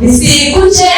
nisikute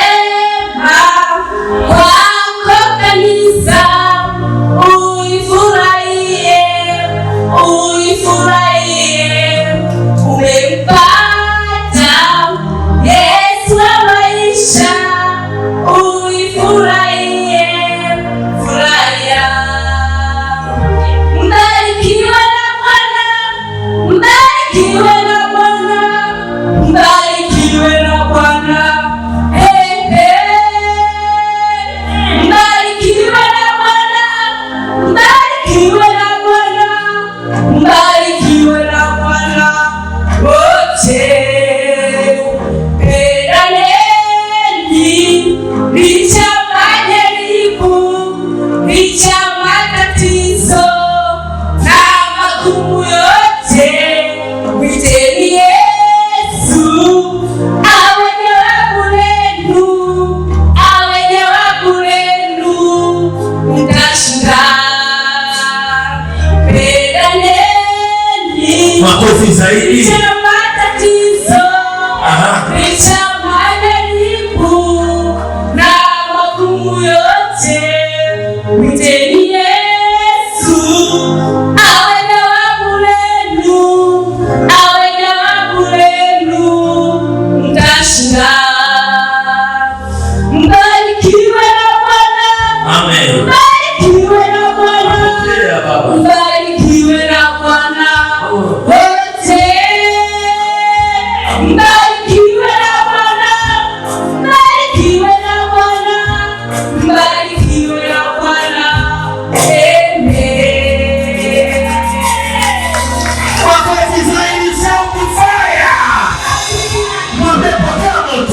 zaidi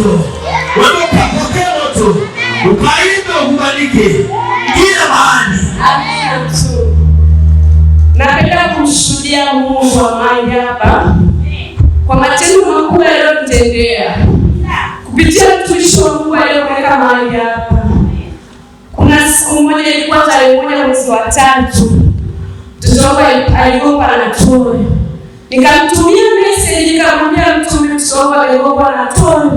moto, wanapopokea moto ukaimba ubariki kila mahali. Napenda kumshuhudia Mungu wa amani hapa kwa matendo makubwa yaliyotendea kupitia mtumishi wa Mungu aliyoweka mahali hapa. Kuna siku moja, ilikuwa tarehe moja mwezi wa tatu, mtoto wangu aligopa anatoa, nikamtumia message nikamwambia mtume, mtoto wangu aligopa anatoa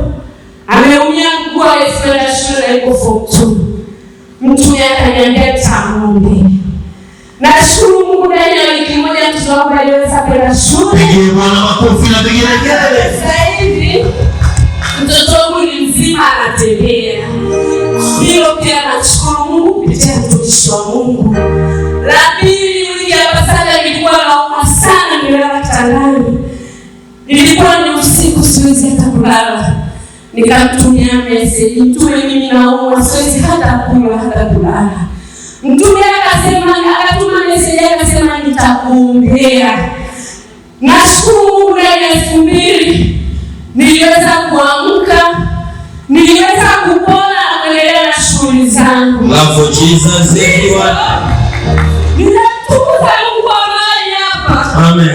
ameumia mguu alifanya shule iko form 2 mtu yeye akaniambia tamwombe. Nashukuru Mungu, ndani ya wiki moja mtu wangu aliweza kwenda shule. Bwana makofi na pigia kelele. Sasa hivi mtoto wangu ni mzima, anatembea. Hilo pia nashukuru Mungu kupitia mtumishi wa Mungu. La pili, wiki hapa sana nilikuwa nauma sana, nilala kitandani, nilikuwa ni usiku, siwezi hata kulala nikamtumia meseji mtume, mimi naumwa, siwezi hata kunywa hata kulala. Mtume akasema, akatuma meseji akasema, nitakuombea. Nashukuru Mungu, ndani ya elfu mbili niliweza kuamka, niliweza kupona na kuendelea na shughuli zangu. Ninamtukuza Mungu amani hapa. Amen.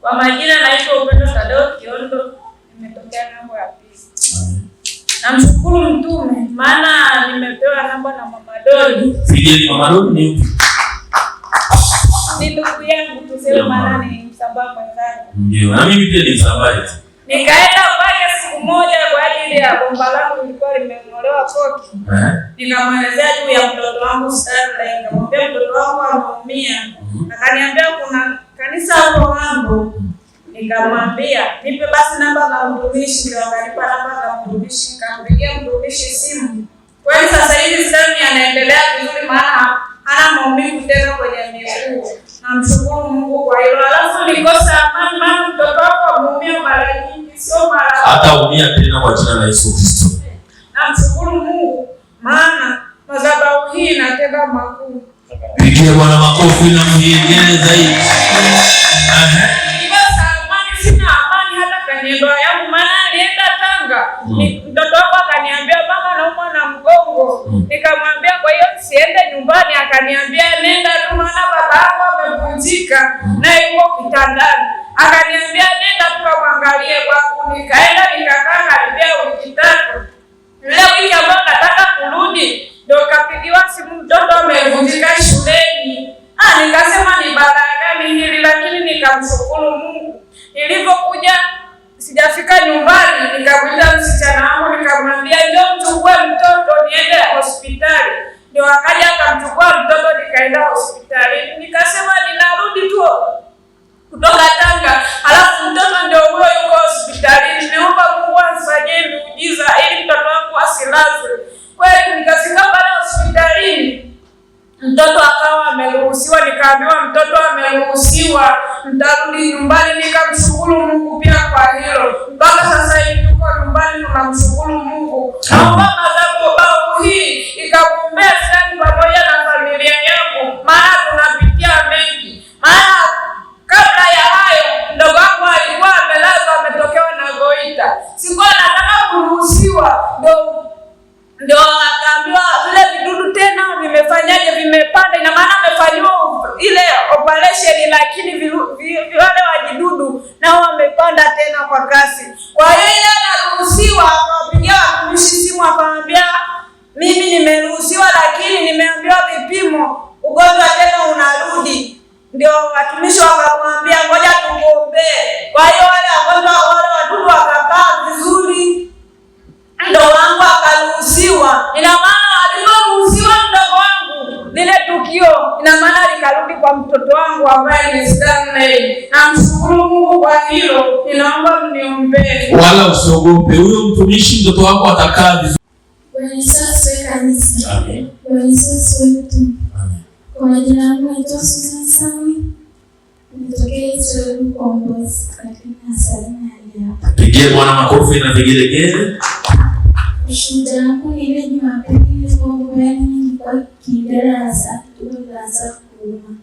Kwa majina naitwa Upendo Tadeo Kiondo, nimetokea namba ya pili. Namshukuru Mtume maana nimepewa namba na Mama Doli. Ni ndugu yangu tuseme, maana ni msambaa mwenzangu. Ndio, na mimi pia ni msambaa. Nikaenda pale siku moja kwa ajili ya bomba langu lilikuwa limeng'olewa koki. Eh? Nikamwelezea juu ya mtoto wangu Starlight, nikamwambia mtoto wangu ameumia. Mm-hmm. Akaniambia kuna kanisa hapo mambo. Nikamwambia nipe basi namba za mtumishi, ndio akanipa namba za mtumishi, nikampigia mtumishi simu. Kwani sasa hivi kuhamia tena kwa jina la Yesu Kristo. Namshukuru Mungu maana madhabahu hii inatenda makuu. Pigie Bwana makofi na mhimidi zaidi. Sina amani hata kwenye ndoa yangu, maana nienda Tanga, mm. mtoto wangu akaniambia mama, naumwa na mgongo. Mm. Nikamwambia kwa hiyo siende nyumbani, akaniambia nenda tu, maana baba yako amevunjika mm. na yuko kitandani. Akaniambia nenda tukamwangalie kwangu, nikaenda alipigiwa simu, mtoto amevunjika shuleni. Ah, nikasema ni balaa gani hili, lakini nikamshukuru Mungu. Nilipokuja sijafika nyumbani, nikakuta msichana wangu, nikamwambia ndio mchukue mtoto niende hospitali, ndio akaja akamchukua mtoto, nikaenda hospitali. Nikasema ninarudi tu kutoka Tanga, alafu mtoto Naomba madhabahu hii ikakumbea sani pamoja na familia yangu, maana tunapitia mengi. Maana kabla ya hayo ndogo wangu alikuwa amelazwa, ametokewa na goita, sikuwa nataka kuruhusiwa, ndo akaambiwa vile vidudu tena vimefanya vimepanda, ina maana amefanyiwa ile operation, lakini wale wajidudu nao wamepanda tena kwa kasi. Kwa hiyo ile anaruhusiwa, akawapigia watumishi simu, akawaambia mimi nimeruhusiwa, lakini nimeambiwa vipimo, ugonjwa tena unarudi. Ndio watumishi wa kioo, ina maana likarudi kwa mtoto wangu ambaye ni Stanley. Namshukuru Mungu kwa hilo, ninaomba mniombee. Wala usiogope, huyo mtumishi mtoto wako atakaa vizuri. Bwana Yesu asifiwe kanisa. Amen. Bwana Yesu asifiwe Amen. Kwa majina yangu naitwa Susan Sami. Nitokee Israeli kwa mbozi katika Salina ya. Pigie Bwana makofi na vigelegele. Ushuhuda wangu ni ile Jumapili nilipokuwa nyumbani kwa kidarasa ikaanza kuuma.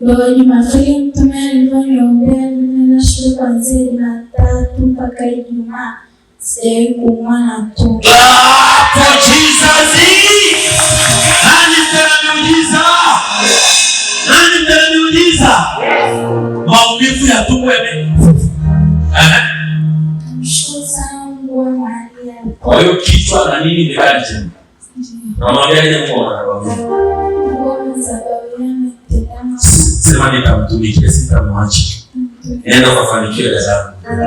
Ndio Jumapili mtume alivyoniombea, nashukuru kuanzia Jumatatu mpaka Ijumaa sijawahi kuumwa na tumbo. Maumivu ya tumbo yamekufa. Eh? Kwa hiyo kichwa na nini imekaa chini Sema nitamtumikia, sitamwacha. Nenda kafanikiwe dada yangu.